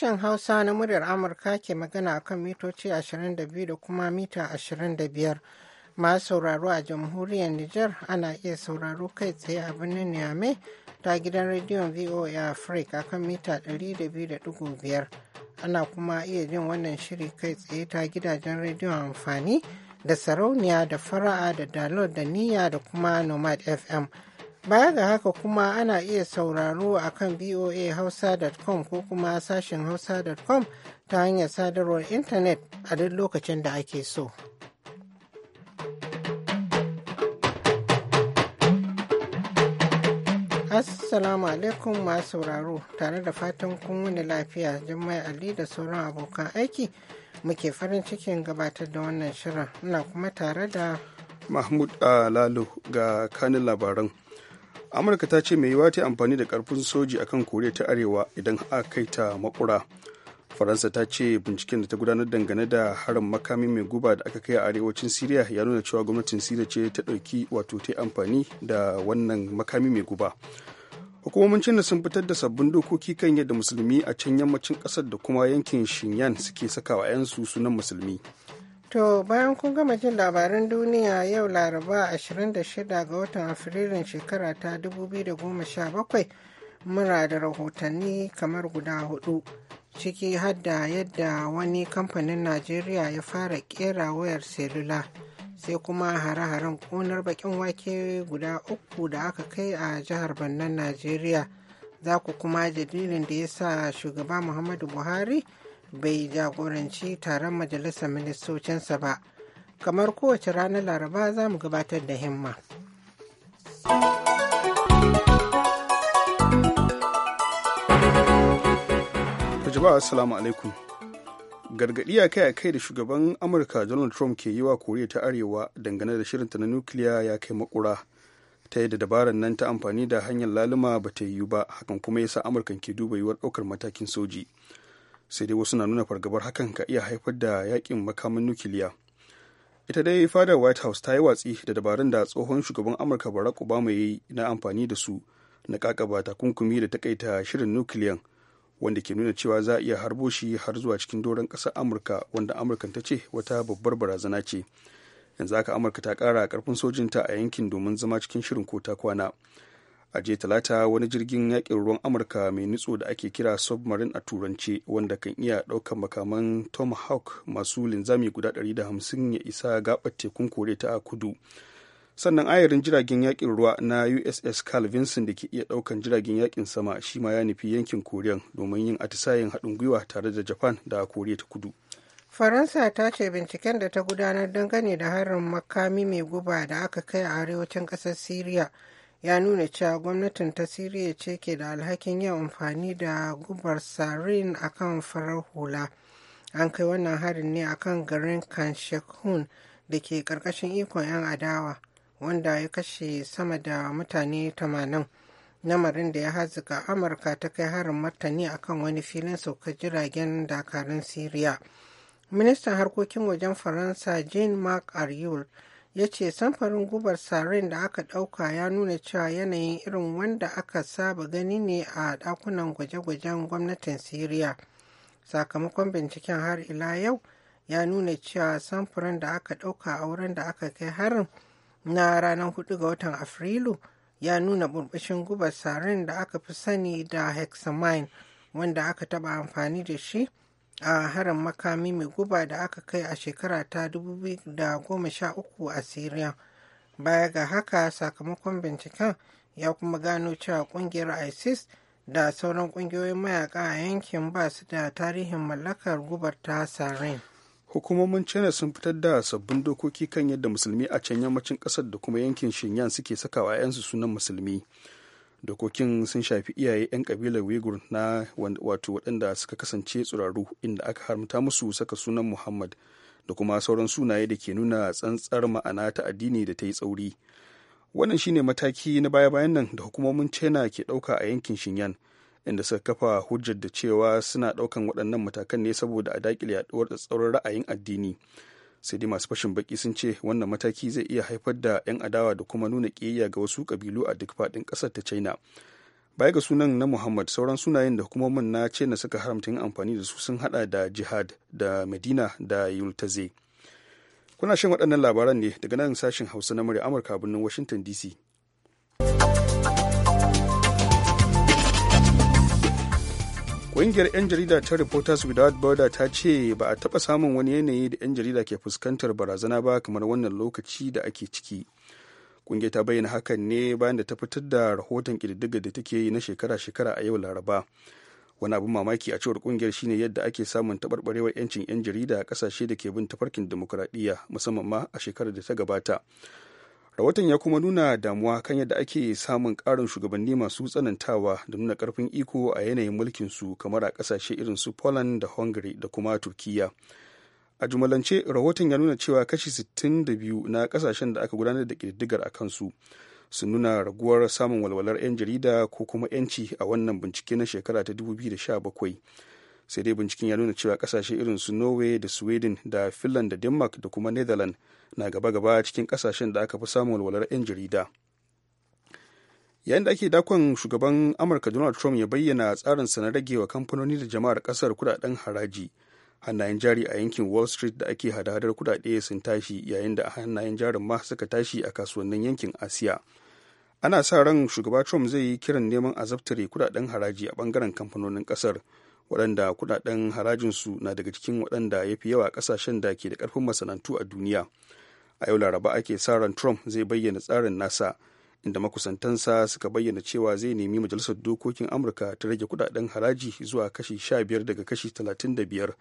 Sashen Hausa na muryar Amurka ke magana a kan mitoci 22 da kuma mita 25. Masu sauraro a jamhuriyar Nijar ana iya sauraro kai tsaye a birnin Niamey ta gidan rediyon VOA Africa kan mita 200.5. Ana kuma iya jin wannan shiri kai tsaye ta gidajen rediyon amfani da sarauniya da fara'a da dalot da niyya da kuma nomad FM. Baya ga haka kuma ana iya sauraro a kan voahausa.com ko kuma sashen hausa.com ta hanyar sadarwar intanet a duk lokacin da ake so. Assalamu alaikum masu sauraro tare da fatan kun wani lafiya Jummai Ali da sauran abokan aiki muke farin cikin gabatar da wannan shirin muna kuma tare da Mahmud Alalu ah, ga kanin labaran. amurka ta ce mai yiwa ta amfani da karfin soji akan koriya ta arewa idan a kai ta makura faransa ta ce binciken da ta gudanar dangane da harin makami mai guba da aka kai a arewacin siriya ya nuna cewa gwamnatin siriya ce ta ɗauki wato ta amfani da wannan makami mai guba hukumomin china sun fitar da sabbin dokoki kan yadda musulmi a can yammacin ƙasar da kuma yankin shinyan suke sakawa 'yansu sunan musulmi To bayan kun gama jin labaran duniya yau laraba 26 ga watan afrilun shekara ta 2017 mura da rahotanni kamar guda hudu ciki hadda yadda wani kamfanin Najeriya ya fara kera wayar selula sai kuma hare-haren ƙunar bakin wake guda uku da aka kai a jihar Bannan Najeriya za ku kuma jaririn da ya sa shugaba Muhammadu Buhari bai jagoranci taron majalisar ministocinsa ba kamar kowace ranar laraba za mu gabatar da himma jama'a assalamu alaikum gargaɗi a kai a kai da shugaban amurka donald trump ke yi wa koriya ta arewa dangane da shirinta na nukiliya ya kai makura ta yadda dabarar nan ta amfani da hanyar laluma ba ta yiwu ba hakan kuma yasa amurkan ke duba yiwuwar ɗaukar matakin soji sai dai wasu na nuna fargabar hakan ka iya haifar da yakin makamin nukiliya ita dai fadar white house ta yi watsi da dabarun da tsohon shugaban amurka barack obama ya yi na amfani da su na kakaba takunkumi da takaita shirin nukiliyan wanda ke nuna cewa za a iya harbo shi har zuwa cikin doron ƙasar amurka wanda amurka ta ce wata babbar barazana ce yanzu haka amurka ta ƙara karfin sojinta a yankin domin zama cikin shirin ko ta kwana a je talata wani jirgin yakin ruwan amurka mai nutso da ake kira submarine a turance wanda kan iya ɗaukar makaman tomahawk masu linzami guda 150 ya isa gabar tekun kore ta kudu sannan ayarin jiragen yakin ruwa na uss carl vinson da ke iya ɗaukan jiragen yakin sama shi ma ya nufi yankin koriyan domin yin atisayen haɗin gwiwa tare da japan da kore ta kudu faransa ta ce binciken da ta gudanar dangane da harin makami mai guba da aka kai a arewacin ƙasar syria ya nuna cewa gwamnatin ta siriya ce ke da alhakin yin amfani da gubar sarin a kan farar hula an kai wannan harin ne akan garin kanshekun da ke karkashin ikon 'yan adawa wanda ya kashe sama da mutane 80 Namarin da ya hazika amurka ta kai harin martani akan wani filin saukar jiragen dakarun siriya ministan harkokin wajen faransa jean marc ariel ya ce samfarin gubar sarin da aka ɗauka ya nuna cewa yanayin irin wanda aka saba gani ne a ɗakunan gwaje-gwajen gwamnatin syria sakamakon binciken har ila yau ya nuna cewa samfurin da aka ɗauka a wurin da aka kai harin na ranar 4 ga watan afrilu ya nuna burbushin gubar sarin da aka fi sani da hexamine wanda aka taɓa amfani da shi a harin makami mai guba da aka kai a shekara ta 2013 a syria baya ga haka sakamakon binciken ya kuma gano cewa kungiyar isis da sauran kungiyoyin mayaka a yankin ba su da tarihin mallakar gubar ta sarin hukumomin china sun fitar da sabbin dokoki kan yadda musulmi a can yammacin kasar da kuma yankin shinyan suke sakawa 'yansu sunan musulmi dokokin sun shafi iyaye 'yan kabilar wigur na wato waɗanda suka kasance tsuraru inda aka haramta musu saka sunan muhammad da kuma sauran sunaye da ke nuna tsantsar ma'ana ta addini da ta yi tsauri wannan shine mataki na baya-bayan nan da hukumomin china ke ɗauka a yankin shinyan inda suka kafa hujjar da cewa suna ɗaukan waɗannan matakan ne saboda a daƙile yaɗuwar tsatsauran ra'ayin addini sai dai masu fashin baki sun ce wannan mataki zai iya haifar da 'yan adawa da kuma nuna ƙiyayya ga wasu ƙabilu a duk faɗin ƙasar ta china baya ga sunan na muhammad sauran sunayen da hukumomin na china suka haramta yin amfani da su sun hada da jihad da medina da yultaze kuna shan waɗannan labaran ne daga nan sashen hausa na murya amurka birnin washington dc ƙungiyar 'yan jarida ta reporters without border ta ce ba a taɓa samun wani yanayi da 'yan jarida ke fuskantar barazana ba kamar wannan lokaci da ake ciki ƙungiyar ta bayyana hakan ne bayan da ta fitar da rahoton ƙididdiga da take yi na shekara-shekara a yau laraba wani abin mamaki a cewar ƙungiyar shine yadda ake samun taɓarɓarewar 'yancin 'yan jarida a ƙasashe da ke bin tafarkin dimokuraɗiyya musamman ma a shekarar da ta gabata rahoton ya kuma nuna damuwa kan yadda ake samun ƙarin shugabanni masu tsanantawa da nuna karfin iko a yanayin mulkin su kamar a ƙasashe irin su poland da hungary da kuma turkiya a jumalance rahoton ya nuna cewa kashi 62 na ƙasashen da aka gudanar da ƙididdigar a kansu su nuna raguwar samun walwalar 'yan jarida ko kuma 'yanci a wannan bincike na shekara ta 2017 sai dai binciken ya nuna cewa kasashe irin su norway da sweden da finland da denmark da kuma netherland na gaba-gaba cikin kasashen da aka fi samun walwalar 'yan jarida yayin da ake dakon shugaban amurka donald trump ya bayyana tsarinsa na rage wa kamfanoni da jama'ar kasar kudaden haraji hannayen jari a yankin wall street da ake hada-hadar kudade sun tashi yayin da hannayen jarin ma suka tashi a kasuwannin yankin asiya ana sa ran shugaba trump zai yi kiran neman azabtare kudaden haraji a bangaren kamfanonin kasar waɗanda kudaden harajinsu na daga cikin waɗanda ya fi yawa a ƙasashen da ke da karfin masana'antu a duniya a yau laraba ake sa ran trump zai bayyana tsarin nasa inda makusantansa suka bayyana cewa zai nemi majalisar dokokin amurka ta rage kudaden haraji zuwa kashi 15 daga kashi 35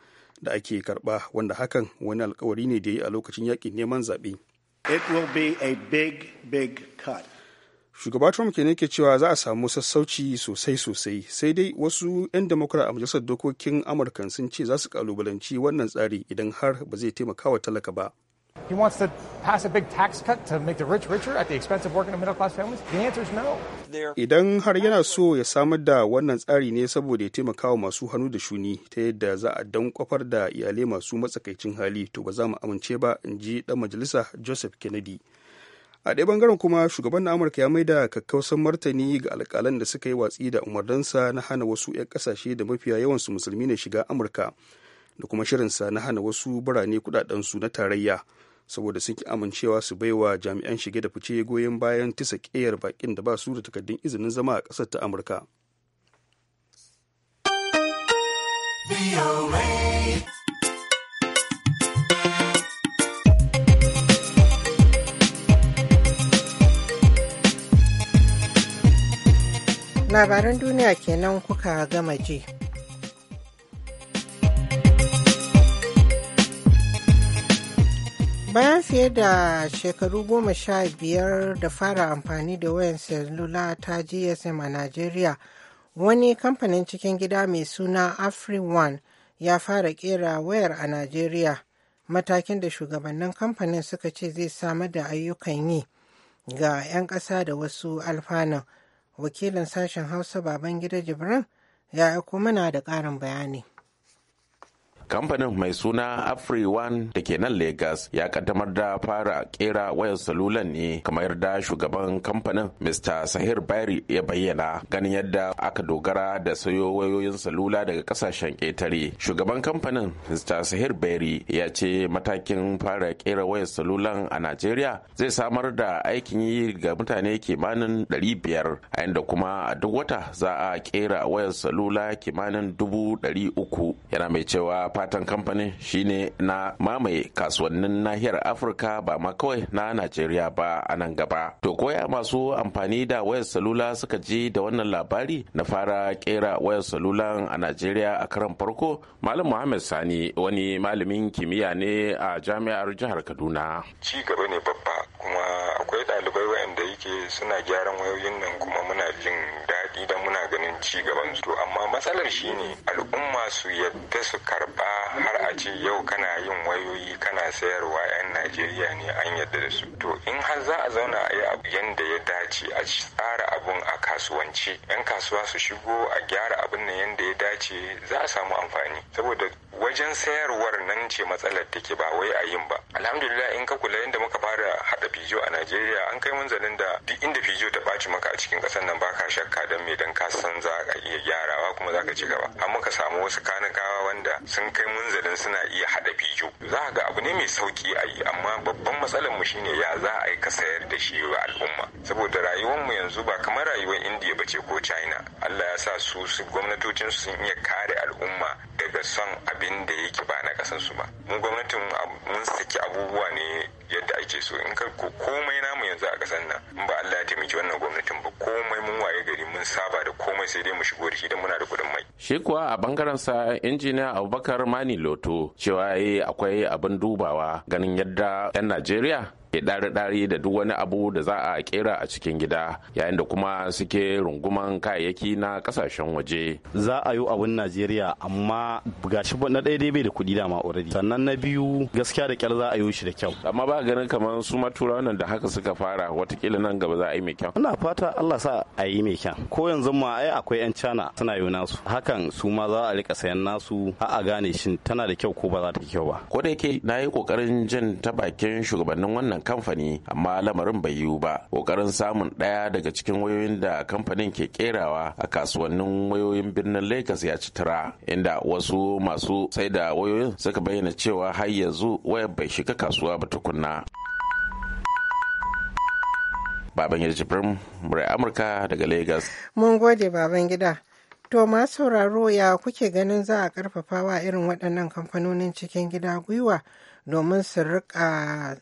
da ake karba wanda hakan wani alkawari ne da ya yi a lokacin yakin neman zaɓe. it will be a big big cut shugaba trump ke ke cewa za a samu sassauci sosai sosai sai dai wasu 'yan demokura a majalisar dokokin amurka sun ce za su kalubalanci wannan tsari idan har ba zai taimaka wa talaka ba He wants to pass a big tax cut to make the rich richer at the expense of working and middle class families? The answer is no. Idan har yana so ya samar da wannan tsari ne saboda ya taimaka wa masu hannu da shuni ta yadda za a dan kwafar da iyalai masu matsakaicin hali to ba za mu amince ba in ji dan majalisa Joseph Kennedy. a ɗaya bangaren kuma shugaban na amurka ya maida kakkausan martani ga alƙalan da suka yi watsi da umarninsa na hana wasu 'yan kasashe da mafiya yawansu musulmi ne shiga amurka da kuma shirinsa na hana wasu birane kudadensu na tarayya saboda sun ki amincewa su baiwa jami'an shige da fice goyon bayan tisa ƙeyar bakin da ba su da takardun izinin zama a ƙasar ta amurka. labaran duniya kenan kuka gama ji. bayan fiye da shekaru goma sha biyar da fara amfani da wayan salula ta gsm a najeriya wani kamfanin cikin gida mai suna afri one ya fara kera wayar a najeriya matakin da shugabannin kamfanin suka ce zai samar da ayyukan yi ga 'yan ƙasa da wasu alfanun wakilin sashen hausa baban gida jibran ya aiko mana da ƙarin bayani kamfanin mai suna afri one da ke nan Legas ya kaddamar da fara kera wayar salulan ne kamar da shugaban kamfanin mr sahir bari ya bayyana ganin yadda aka dogara da sayo wayoyin salula daga kasashen ƙetare shugaban kamfanin mr sahir bari ya ce matakin fara kera wayar salulan a najeriya zai samar da aikin yi ga mutane kimanin 500 a inda kuma a duk wata za a kera wayar salula kimanin 300 yana mai cewa fatan kamfanin shine na mamaye kasuwannin nahiyar afirka ba ma kawai na najeriya ba a nan gaba to koya masu amfani da wayar salula suka ji da wannan labari na fara kera wayar salula a najeriya a karan farko malam muhammad sani wani malamin kimiyya ne a jami'ar jihar kaduna ci gaba ne babba kuma akwai ɗalibai waɗanda yake suna gyaran wayoyin nan kuma muna jin da idan muna ganin ci gaban su amma matsalar shi ne al'umma su yadda su karba har a ce yau kana yin wayoyi kana sayarwa 'yan Najeriya ne an yadda da su to in har za a zauna a yi abu yadda ya dace a tsara abun a kasuwanci 'yan kasuwa su shigo a gyara abun nan yadda ya dace za a samu amfani saboda wajen sayarwar nan ce matsalar take ba wai a yin ba alhamdulillah in ka kula yadda muka fara hada fijo a najeriya an kai munzalin da duk inda fijo ta ɓaci maka a cikin ƙasar nan baka shakka don me dan ka san za ka iya gyarawa kuma za ka ci gaba amma ka samu wasu kanakawa wanda sun kai munzalin suna iya hada fijo za ka ga abu ne mai sauki a yi amma babban matsalar mu shine ya za a yi ka sayar da shi wa al'umma saboda rayuwar mu yanzu ba kamar rayuwar indiya ba ce ko china allah ya sa su gwamnatocin sun iya kare al'umma daga son abin da yake ba na kasan su ba mu gwamnatin mun saki abubuwa ne yadda ake so in ka komai namu yanzu a kasan nan in ba Allah ya taimaki wannan gwamnatin ba komai mun waye gari mun saba da komai sai dai mu shigo da shi dan muna da kudin mai shi kuwa a bangaren sa injiniya Abubakar Mani Loto cewa akwai abin dubawa ganin yadda 'yan Najeriya ya ɗari-ɗari da duk wani abu da za a kera a cikin gida yayin da kuma suke runguman kayayyaki na kasashen waje za a yi abun najeriya amma gashi na ɗaya dai bai da kuɗi dama already sannan na biyu gaskiya da kyar za a yi shi da kyau amma ba ganin kamar su matura nan da haka suka fara watakila nan gaba za a yi mai kyau ina fata allah sa a yi mai kyau ko yanzu ma ai akwai yan cana suna yi nasu hakan su ma za a rika sayan nasu a a gane shin tana da kyau ko ba za ta kyau ba ko da yake na yi kokarin jin ta bakin shugabannin wannan kamfani amma lamarin bai yiwu ba kokarin samun ɗaya daga cikin wayoyin da kamfanin ke kerawa a kasuwannin wayoyin birnin lagos ya ci tara inda wasu masu sai da wayoyin suka bayyana cewa har yanzu wayar bai shiga kasuwa ba tukunna baban gida jibrin murai amurka daga lagos mun gode baban gida to masu sauraro ya kuke ganin za a karfafa wa irin waɗannan kamfanonin cikin gida gwiwa domin su rika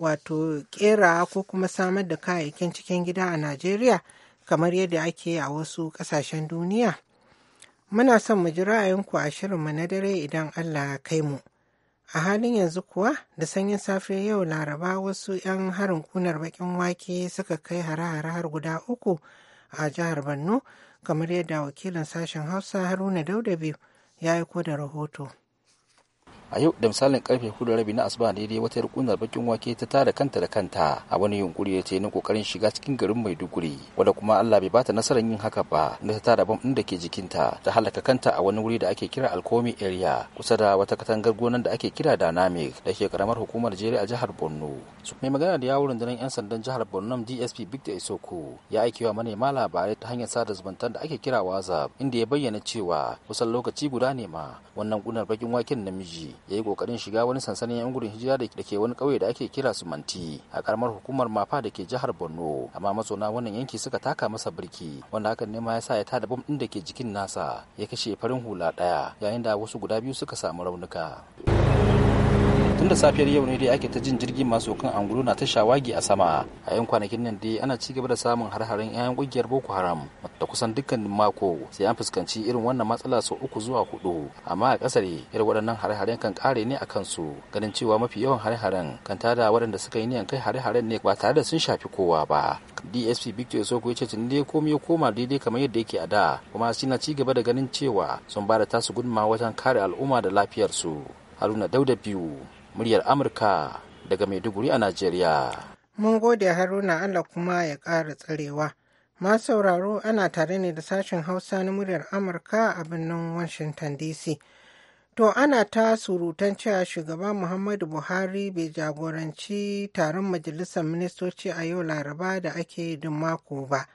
wato kera ko kuma samar da kayayyakin cikin gida a najeriya kamar yadda ake a wasu ƙasashen duniya muna son mu ji ra'ayinku a shirinmu na dare idan allah ya kai mu a halin yanzu kuwa da sanyin safe yau laraba wasu 'yan harin kunar bakin wake suka kai hare-hare har guda uku a jihar borno kamar yadda wakilin sashen hausa haruna Daudabi ya aiko da rahoto a yau da misalin karfe hudu rabi na asuba daidai wata rukunar bakin wake ta tara kanta da kanta a wani yunkuri da ta yi na kokarin shiga cikin garin maiduguri wadda kuma allah bai bata nasarar yin haka ba da ta tara bam ɗin da ke jikinta ta halaka kanta a wani wuri da ake kira alkomi area kusa da wata katangar gonan da ake kira dynamic da ke karamar hukumar jere a jihar borno mai magana da yawon rundunar yan sandan jihar borno dsp victor isoko ya aiki wa manema labarai ta hanyar sada zumunta da ake kira whatsapp inda ya bayyana cewa kusan lokaci guda ne ma wannan gunar bakin waken namiji ya yi kokarin shiga wani sansanin yan gudun hijira da ke wani ƙauye da ake kira su manti a karamar hukumar mafa da ke jihar borno amma mazauna wannan yanki suka taka masa birki wanda hakan ne ma ya sa ya tada bom ɗin da ke jikin nasa ya kashe farin hula ɗaya yayin da wasu guda biyu suka samu raunuka. tun da safiyar yau ne dai ake ta jin jirgin masu kan angulu na ta shawagi a sama a yan kwanakin nan dai ana ci gaba da samun har-haren 'ya'yan kungiyar boko haram da kusan dukkan mako sai an fuskanci irin wannan matsala sau uku zuwa hudu amma a kasar irin waɗannan har kan kare ne a kansu ganin cewa mafi yawan har-haren kan tada waɗanda suka yi niyan kai har-haren ne ba tare da sun shafi kowa ba dsp victor soko ya ce tun dai komai ya koma daidai kamar yadda yake a da kuma suna ci gaba da ganin cewa sun ba da tasu gudunmawa wajen kare al'umma da lafiyarsu haruna dauda biyu muryar amurka daga maiduguri a najeriya mun gode haruna allah kuma ya ƙara tsarewa ma sauraro ana tare ne da sashen hausa na muryar amurka a birnin washington dc to ana ta surutan cewa shugaba muhammadu buhari bai jagoranci taron majalisar ministoci a yau laraba da ake yi mako ba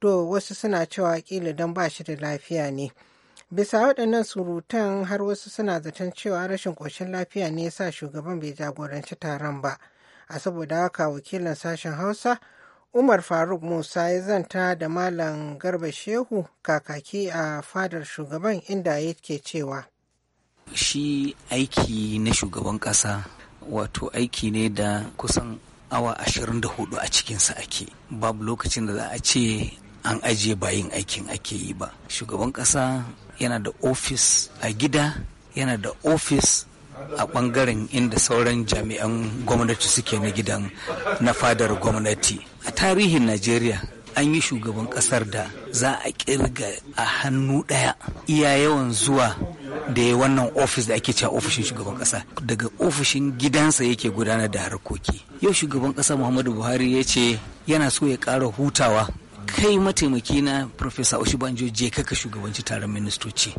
to wasu suna cewa kila don ba shi da lafiya ne. bisa waɗannan surutan har wasu suna zaton cewa rashin ƙoshin lafiya ne sa shugaban bai jagoranci taron ba a saboda haka wakilin sashen hausa umar faruk musa ya zanta da malam garba shehu kakaki a fadar shugaban inda yake cewa shi aiki na shugaban ƙasa wato aiki ne da kusan awa 24 a cikinsa ake babu lokacin da za a ce an ajiye bayin aikin ake yi ba shugaban ƙasa yana da ofis a gida yana da ofis a ɓangaren inda sauran jami'an gwamnati suke na gidan na fadar gwamnati a tarihin najeriya an yi shugaban ƙasar da za a kirga a hannu ɗaya iya yawan zuwa da ya wannan ofis da ake cewa ofishin shugaban ƙasa. daga ofishin gidansa yake gudanar da harkoki yau shugaban kasa muhammadu buhari ya ce yana so ya ƙara hutawa kai mataimaki na Profesa Oshibanjo je kaka shugabanci taron ministoci.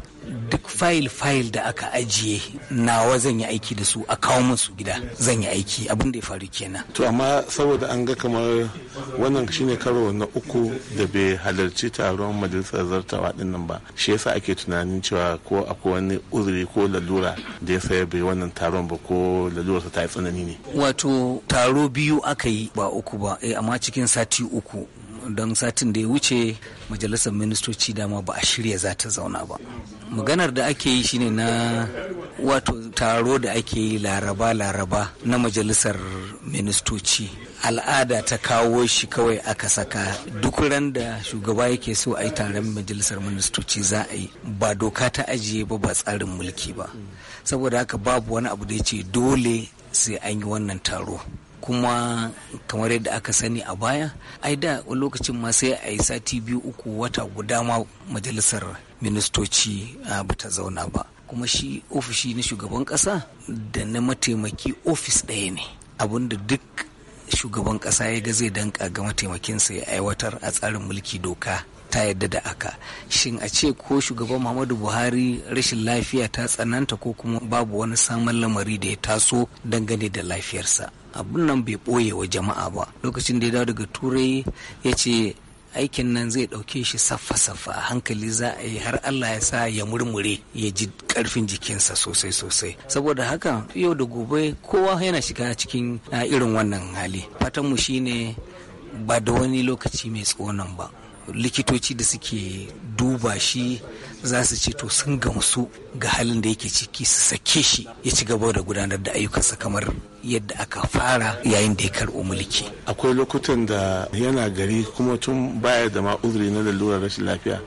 Duk fayil-fayil da aka ajiye nawa zan yi aiki da su a kawo musu gida zan yi aiki abin da ya faru kenan. To amma saboda an ga kamar wannan shine karo na uku da bai halarci taron majalisar zartawa dinnan ba shi yasa ake tunanin cewa ko akwai wani uzuri ko lalura da ya saya bai wannan taron ba ko lalurarsa ta tsanani ne. Wato taro biyu aka yi ba uku ba eh, amma cikin sati uku don satin da ya wuce majalisar ministoci dama ba a shirya za ta zauna ba maganar da ake yi shine na wato taro da ake yi laraba-laraba na majalisar ministoci al'ada ta kawo shi kawai aka saka duk ran da shugaba yake so a yi taron majalisar ministoci za a yi ba doka ta ajiye ba ba tsarin mulki ba saboda haka babu wani abu da ya ce dole sai an yi wannan taro kuma kamar yadda aka sani a baya ai da lokacin ma sai a yi sati biyu uku wata guda ma majalisar ministoci ah, ba ta zauna ba kuma shi ofishi na shugaban kasa da na mataimaki ofis ɗaya ne abinda duk shugaban kasa ya ga zai danka ga mataimakinsa ya aiwatar a tsarin mulki doka ta yadda da aka shin a ce ko shugaban muhammadu buhari rashin lafiya ta tsananta ko kuma babu wani samun lamari da ya taso dangane da lafiyarsa abun nan bai ɓoye wa jama'a ba lokacin da ya dawo daga turai ya ce aikin nan zai ɗauke shi saffa-saffa a hankali za a yi har Allah ya sa ya murmure ya ji ƙarfin jikinsa sosai-sosai saboda haka yau da gobe kowa yana shiga cikin irin wannan hali fatanmu shine ba da wani lokaci mai tsonan ba likitoci da suke duba shi za su ce to sun gamsu ga halin da yake ciki su sake shi ya ci gaba da gudanar da ayyukansa kamar yadda aka fara yayin da ya karɓo mulki. Akwai lokutan da yana gari kuma tun baya da ma na lalura rashin lafiya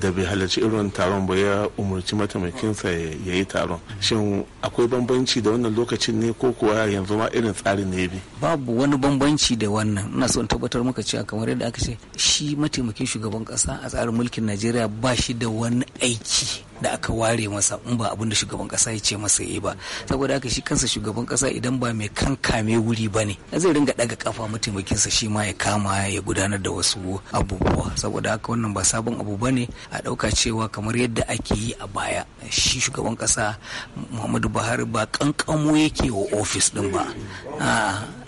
da bai halarci irin taron ba ya umarci mataimakinsa ya yi taron shin akwai bambanci da wannan lokacin ne ko kuwa yanzu ma irin tsarin ne bi babu wani bambanci da wannan ina so in tabbatar maka cewa kamar yadda aka ce shi mataimakin shugaban kasa a tsarin mulkin najeriya ba shi da wani aiki da aka ware masa in ba abin da shugaban kasa ya ce masa yi ba saboda haka shi kansa shugaban kasa idan ba mai kan kame wuri ba ne zai ringa daga kafa mataimakinsa shi ma ya kama ya gudanar da wasu abubuwa saboda haka wannan ba sabon abu ba ne a dauka cewa kamar yadda ake yi a baya shi shugaban kasa muhammadu buhari ba kankamo yake wa ofis din ba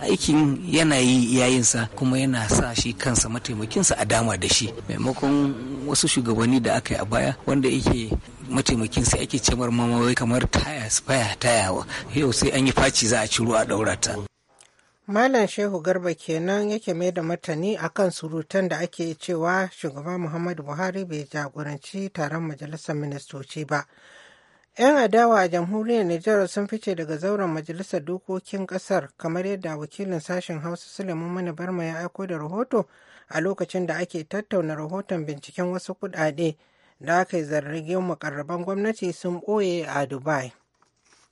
aikin yana yi yayin sa kuma yana sa shi kansa mataimakinsa a dama da shi maimakon wasu shugabanni da aka yi a baya wanda yake mataimakin sai ake ce marmamawai kamar taya baya tayawa yau sai an yi faci za a ciro a daura ta Malam Shehu Garba kenan yake mai da martani kan surutan da ake cewa shugaba Muhammadu Buhari bai jagoranci taron majalisar ministoci ba. 'Yan adawa a jamhuriyar Nijar sun fice daga zauren majalisar dokokin kasar kamar yadda wakilin sashen Hausa Suleiman Mana Barma ya aiko da rahoto a lokacin da ake tattauna rahoton binciken wasu kuɗaɗe da aka yi zargin makarraban gwamnati sun ɓoye a dubai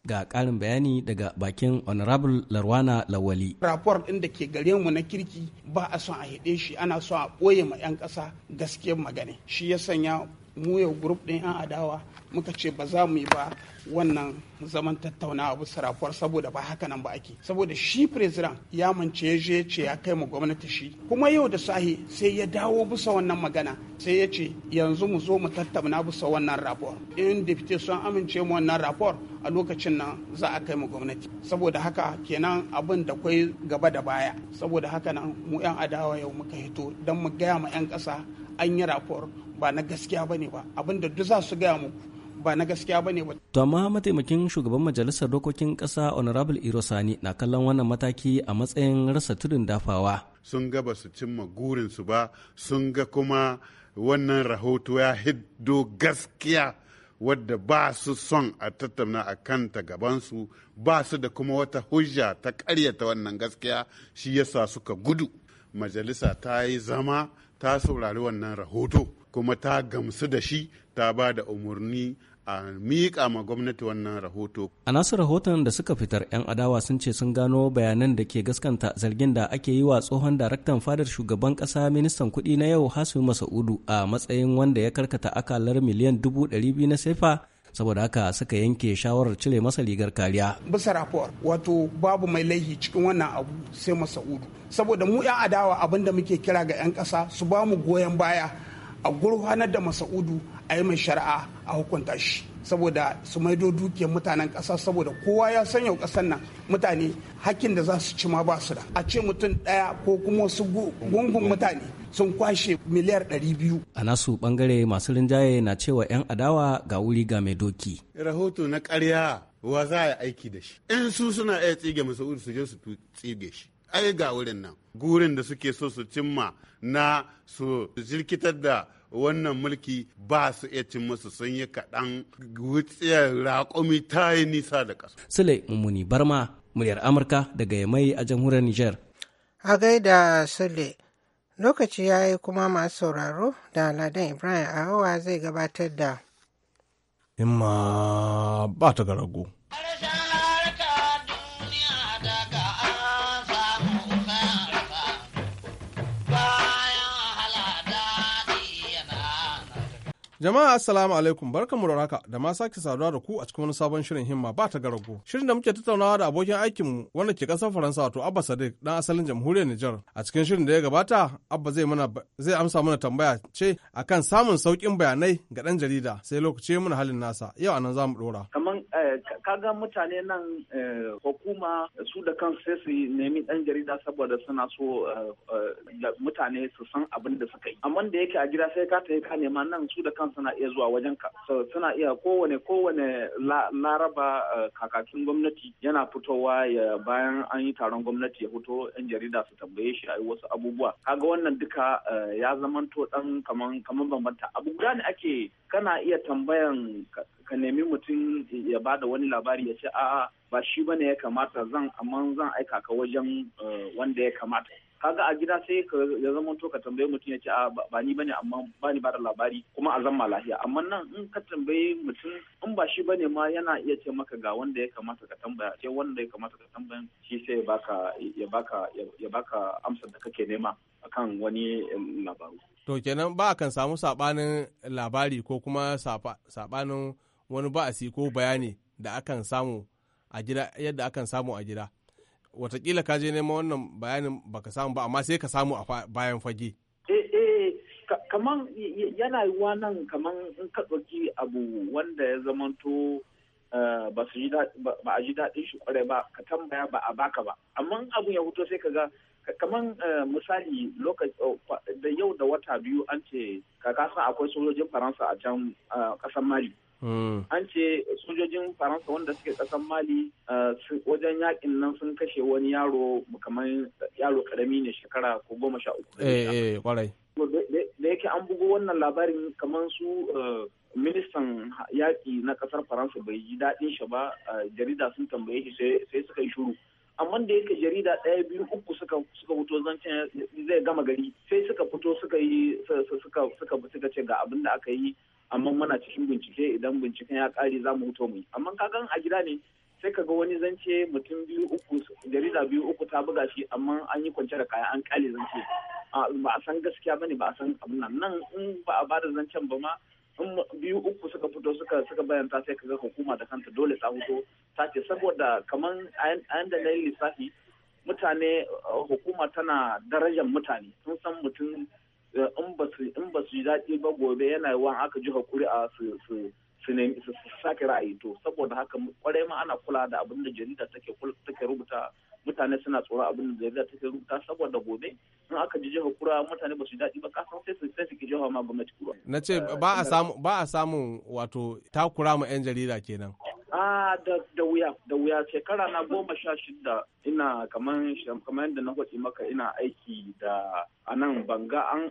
ga ƙarin bayani daga bakin honorable larwana lawali rapor ɗin da ke gare mu na kirki ba a son a hide shi ana so a ɓoye ma 'yan ƙasa gaskiyar magana shi ya sanya mu yau grup ɗin 'yan adawa muka ce ba za mu yi ba wannan zaman tattaunawa bisa sarafuwar saboda ba haka nan ba ake saboda shi president ya mance ya je ce ya kai mu gwamnati shi kuma yau da sahi sai ya dawo bisa wannan magana sai ya ce yanzu mu zo mu tattauna bisa wannan rapor in deputy sun amince mu wannan rapor a lokacin nan za a kai mu gwamnati saboda haka kenan abin da kwai gaba da baya saboda haka nan mu 'yan adawa yau muka hito don mu gaya ma 'yan ƙasa an yi rapor ba na gaskiya ba ne ba abin da duk za su gaya mu ba na gaskiya ba ne ba. To amma mataimakin shugaban majalisar dokokin ƙasa Honorable Irosani na kallon wannan mataki a matsayin rasa tudun dafawa. Sun ga ba su cimma gurinsu ba sun ga kuma wannan rahoto ya hiddo gaskiya wadda ba su son a tattauna a kanta gabansu ba su da kuma wata hujja ta karyata wannan gaskiya shi yasa suka gudu majalisa ta yi zama ta saurari wannan rahoto kuma ta gamsu da shi ta ba da umarni a miƙa ma gwamnati wannan rahoto. A nasu rahoton da suka fitar 'yan adawa sun ce sun gano bayanan da ke gaskanta zargin da ake yi wa tsohon daraktan fadar shugaban ƙasa ministan kuɗi na yau Hasu Masa'udu a matsayin wanda ya karkata akalar miliyan dubu ɗari biyu na sefa saboda haka suka yanke shawarar cire masa rigar kariya. Bisa rafuwar wato babu mai laihi cikin wannan abu sai Masa'udu saboda mu 'yan adawa abin da muke kira ga 'yan ƙasa su ba mu goyon baya a gurfanar da masa'udu a yi mai shari'a a hukunta shi saboda su maido dukiyar mutanen ƙasa saboda kowa ya san yau ƙasar nan mutane hakkin da za su ci ma ba su da a ce mutum ɗaya ko kuma wasu gungun mutane sun kwashe miliyar 200 a nasu bangare masu rinjaye na cewa 'yan adawa ga wuri ga mai doki rahoto na karya wa za a yi aiki da shi in su suna iya tsige masa'udu su je su tsige shi ai ga wurin nan gurin da suke so su cimma na su jirkitar da wannan mulki ba su iya cin musu sun yi kaɗan wutsiyar raƙumi ta yi nisa da ƙasa. Sule Mummuni Barma, muryar Amurka daga Yamai a jamhuriyar Nijar. A gaida Sule, lokaci ya yi kuma masu sauraro da al'adan Ibrahim Ahawa zai gabatar da. Imma ba ta garago. Jama'a assalamu alaikum barkamu da raka da ma sake saduwa da ku a cikin wani sabon shirin himma ba ta garago. Shirin da muke tattaunawa da abokin mu wanda ke kasar Faransa wato Abba Sadiq dan asalin jamhuriyar Nijar. A cikin shirin da ya gabata Abba zai mana zai amsa mana tambaya ce akan samun saukin bayanai ga dan jarida sai lokaci muna halin nasa. Yau anan zamu mu dora. Kaman eh, kaga mutane nan eh, hukuma su da kansu sai su nemi dan jarida saboda suna so eh, mutane su san abin da suka yi. Amma da yake a gida sai ka yi ka nema nan su da kansu suna iya zuwa wajen ka suna iya kowane kowane laraba eh, kakakin gwamnati yana fitowa ya bayan an yi taron gwamnati ya fito yan jarida su tambaye shi a wasu abubuwa kaga wannan duka eh, ya zamanto dan kaman kaman bambanta abu guda ne ake kana iya tambayan ka nemi mutum ya bada wani labari ya ce a'a ba shi bane ya kamata zan amma zan aika ka wajen eh, wanda ya kamata kaga a gida sai ka ya zama to ka tambaye mutum ya ce ah, a ba ni bane amma ba ni bada labari kuma a zama lafiya amma nan in ka tambaye mutum in ba shi bane ma yana iya ce maka ga wanda ya kamata ka tambaya sai wanda ya kamata ka tambaya shi sai ya baka ya baka ya baka amsar da kake nema akan wani labaru to kenan ba kan samu sabanin labari ko kuma sabanin wani ba'asi ko bayani da akan samu a gida yadda akan samu a gida watakila ka je neman wannan bayanin baka samu ba amma sai ka samu a bayan fage eh, eh, kaman yana yiwuwa nan kaman in ka ɗauki abu wanda ya zamanto eh, ba a ji daɗin shi kwarai ba ka tambaya ba a baka ba amma abu ya huto sai ka ga kaman misali lokaci oh, da yau da wata biyu an ce ka kasa akwai sojojin faransa a can ƙasar mali Hmm. an ce sojojin faransa wanda suke kasan mali uh, wajen yakin nan sun kashe wani yaro kamar yaro karami ne shekara ko goma sha uku eh, eh, da yake an bugo wannan labarin kamar su uh, ministan yaƙi na ƙasar faransa bai yi daɗin shi ba uh, jarida sun tambaye shi sai suka yi shuru amma da yake jarida ɗaya biyu uku suka fito zancen zai gama gari sai suka fito suka yi suka ce ga abin da aka yi amma muna cikin bincike idan binciken ya kare za mu huto mu amma kagan a gida ne sai ka ga wani zance mutum biyu uku jarida biyu uku ta buga shi amma an yi kwance da kaya an ƙale zance ba a san gaskiya ba ne ba a san abin nan nan in ba a bada zancen ba ma in biyu uku suka fito suka suka bayanta sai kaga hukuma da kanta dole ta huto ta ce saboda kaman a yanda na yi lissafi mutane hukuma tana darajar mutane sun san mutum in ba su yi daɗi ba gobe yana wa aka ji hakuri a su ne su sake ra'ayi to saboda haka kwarai ma ana kula da abin da jarida take take rubuta mutane suna tsoro abin da jarida take rubuta saboda gobe in aka ji jiha kura mutane ba su daɗi ba kasan sai su sai su ki jihar ma gwamnati na ce ba a eh, ba a samun wato takura ma 'yan jarida kenan. Ah, a da wuya da wuya shekara na goma sha shida ina kaman kamar yadda na kwaci maka ina aiki da a nan banga an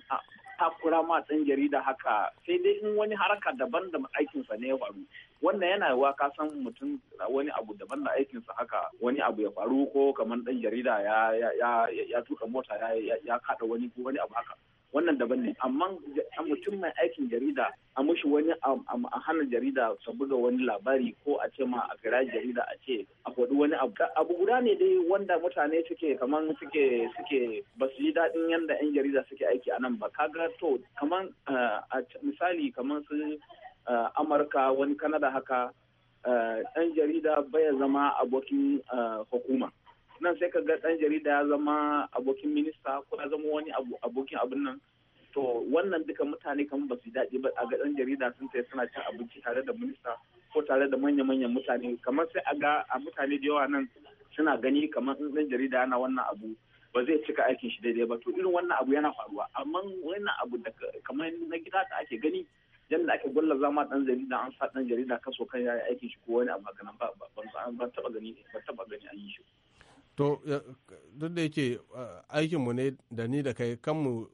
takura ma dan jarida haka sai dai in wani haraka daban da aikinsa ne ya faru wannan yana yiwa ka san mutum wani abu daban da aikinsa haka wani abu ya faru ko kamar dan jarida ya ya ya tuka mota ya ya kada wani ko wani abu haka wannan daban ne amma mutum mai aikin jarida a mushi wani a hana jarida su buga wani labari ko a ce ma a kira jarida a ce a faɗi wani abu abu guda ne dai wanda mutane suke kaman suke suke ba su ji daɗin yadda yan jarida suke aiki a nan ba kaga to kaman eh, a misali kaman su eh, amurka wani kanada haka eh, ɗan jarida baya zama abokin hukuma nan sai ka ga ɗan jarida ya zama abokin minista ko ya zama wani abokin abin nan to wannan duka mutane kamar ba su daɗi ba a ga ɗan jarida sun sai suna cin abinci tare da minista ko tare da manya-manyan mutane kamar sai a ga a mutane da yawa nan suna gani kamar in ɗan jarida yana wannan abu ba zai cika aikin shi daidai ba to irin wannan abu yana faruwa amma wannan abu da kamar na gida da ake gani yadda ake gwalla zama ɗan jarida an sa ɗan jarida kaso kan yaya aikin shi ko wani abu ba ba ba ban taba gani ba taɓa gani an yi shi to duk da yake aikinmu ne da ni da kai kanmu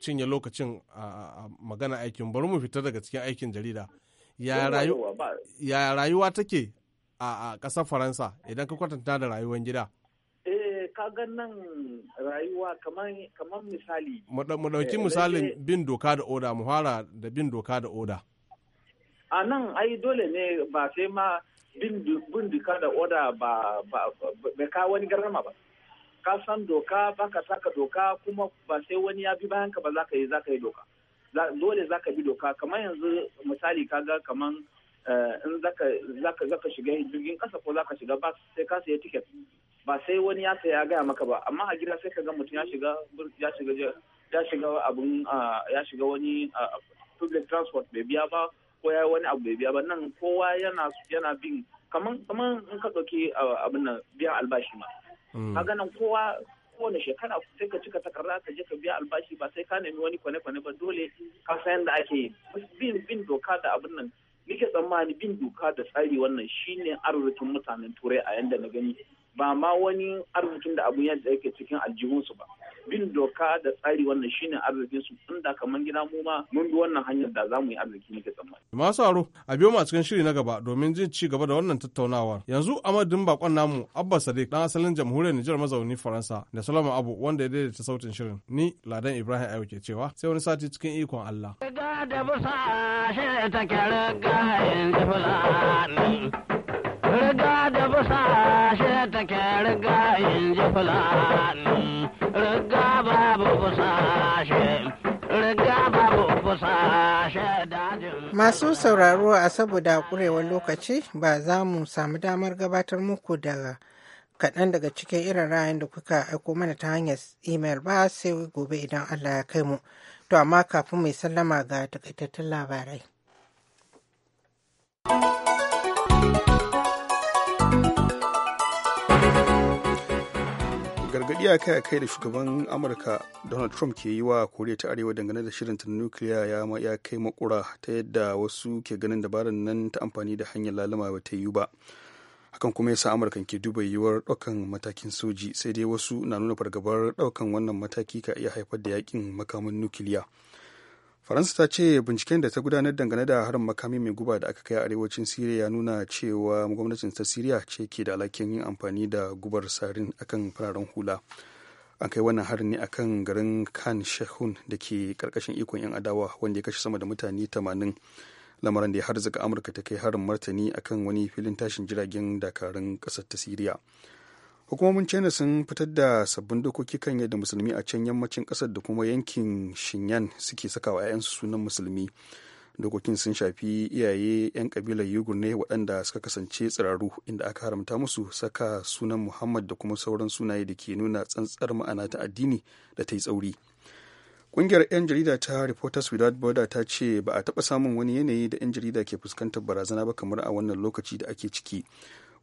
cinye lokacin a magana aikin bari mu fita daga cikin aikin jarida ya rayuwa take a ƙasar faransa idan ka kwatanta da rayuwar gida eh, ka nan rayuwa kamar misali mu ɗauki eh, misalin eh, bin doka da oda mu fara da bin doka da oda a nan ai dole ne ba sai ma bin duka da oda ba bai ka wani garama ba ka san doka baka saka doka kuma ba sai wani ya bi bayanka ba ka yi ka yi doka dole za ka bi doka kamar yanzu misali kaga kamar eh, in zaka ka shiga jirgin kasa ko zaka shiga ba sai ka sayi tiket ba sai wani ya saya gaya maka ba amma a gida sai ka ga mutum ya shiga ya shiga ya shiga abun ah, ya shiga wani ah, public transport bai biya ba ko ya wani abu bai biya ba nan kowa yana yana bin kaman kaman in ka ɗauki abin nan biyan albashi ma mm. kaga nan kowa kowane shekara sai ka cika takarda ka je ka biya albashi ba sai ka nemi wani kwane-kwane ba dole ka san yadda ake yi bin bin doka da abin nan nike tsammani bin doka da tsari wannan shine arzikin mutanen turai a yanda na gani ba ma wani arzikin da abun yadda yake cikin aljihunsu ba bin doka da tsari wannan shine arzikin su inda kamar gida mu ma mun bi wannan hanyar da za yi arziki nake tsammani. Masu aro a biyo ma cikin shiri na gaba domin jin ci gaba da wannan tattaunawar. Yanzu amadin bakon namu Abba Sadiq dan asalin jamhuriyar Nijar mazauni Faransa da salama Abu wanda ya daidaita sautin shirin. Ni Ladan Ibrahim Ayo ke cewa sai wani sati cikin ikon Allah. Riga da busa shi ta riga da busa shi riga in ji fulani. Masu sauraro a saboda kurewar lokaci ba za mu samu damar gabatar muku da kaɗan daga cikin irin ra'ayin da kuka aiko mana ta hanyar imel ba sai gobe idan Allah ya kai mu. To amma kafin mai sallama ga takaitattun labarai. gargadi a kai a kai da shugaban amurka donald trump ke yi wa koriya ta arewa dangane da shirin ta nukiliya ya ya kai makura ta yadda wasu ke ganin dabarar nan ta amfani da hanyar lalama ba ta yiwu ba hakan kuma yasa amurka ke duba yiwuwar ɗaukan matakin soji sai dai wasu na nuna fargabar ɗaukan wannan mataki ka iya haifar da yakin makamin nukiliya faransa ta ce binciken da ta gudanar dangane da harin makami mai guba da aka kai a arewacin siriya ya nuna cewa gwamnatin ta siriya ce ke da alhakin yin amfani da gubar sarin akan fararen hula an kai wannan harin ne akan garin kan shehun da ke karkashin ikon yan adawa wanda ya kashe sama da mutane 80 lamarin da ya harzuka amurka ta kai harin martani akan wani filin tashin jiragen dakarun kasar ta siriya hukumomin china sun fitar da sabbin dokoki kan yadda musulmi a can yammacin kasar da kuma yankin shinyan suke sakawa 'ya'yansu sunan musulmi dokokin sun shafi iyaye 'yan kabilar yugur ne waɗanda suka kasance tsiraru inda aka haramta musu saka sunan muhammad da kuma sauran sunaye da ke nuna tsantsar ma'ana ta addini da ta yi tsauri ƙungiyar 'yan jarida ta reporters without border ta ce ba a taɓa samun wani yanayi da 'yan jarida ke fuskantar barazana ba kamar a wannan lokaci da ake ciki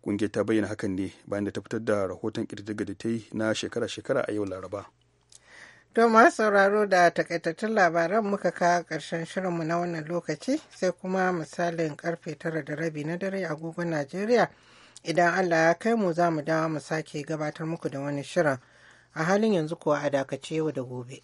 kungiyar ta bayyana hakan ne bayan da ta fitar da rahoton kirdiga da ta yi na shekara-shekara a yau laraba To ma sauraro da takaitattun labaran muka kawo ƙarshen shirinmu na wannan lokaci sai kuma misalin karfe tara da rabi na dare agogon Najeriya idan Allah ya kai mu za mu dawo mu sake gabatar muku da wani shirin a halin yanzu kuwa a dakace yau da gobe.